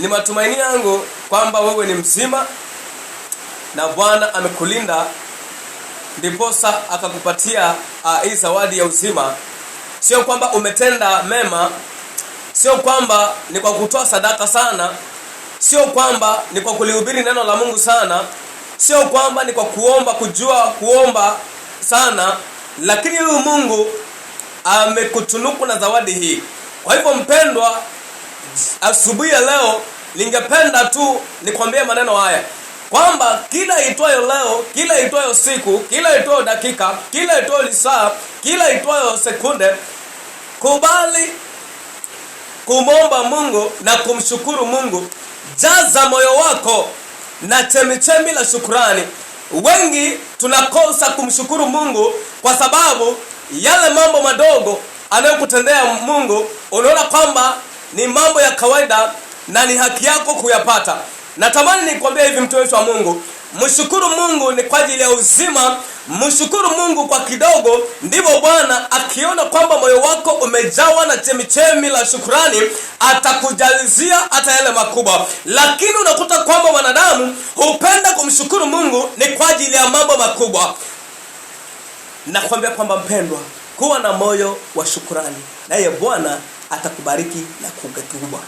Ni matumaini yangu kwamba wewe ni mzima na Bwana amekulinda ndiposa akakupatia uh, hii zawadi ya uzima. Sio kwamba umetenda mema, sio kwamba ni kwa kutoa sadaka sana, sio kwamba ni kwa kulihubiri neno la Mungu sana, sio kwamba ni kwa kuomba, kujua kuomba sana, lakini huyu Mungu amekutunuku na zawadi hii. Kwa hivyo mpendwa, asubuhi ya leo, ningependa tu nikwambie maneno haya kwamba kila itwayo leo, kila itwayo siku, kila itwayo dakika, kila itwayo saa, kila itwayo sekunde, kubali kumwomba Mungu na kumshukuru Mungu. Jaza moyo wako na chemichemi la shukurani. Wengi tunakosa kumshukuru Mungu kwa sababu yale mambo madogo anayokutendea Mungu, unaona kwamba ni mambo ya kawaida na ni haki yako kuyapata. Natamani nikwambie hivi, mtumishi wa Mungu, mshukuru Mungu ni kwa ajili ya uzima. Mshukuru Mungu kwa kidogo, ndivyo Bwana akiona kwamba moyo wako umejawa na chemichemi la shukurani, atakujalizia hata yale makubwa. Lakini unakuta kwamba mwanadamu hupenda kumshukuru Mungu ni kwa ajili ya mambo makubwa. Nakwambia kwamba mpendwa, kuwa na moyo wa shukurani, naye Bwana atakubariki na kukutuba.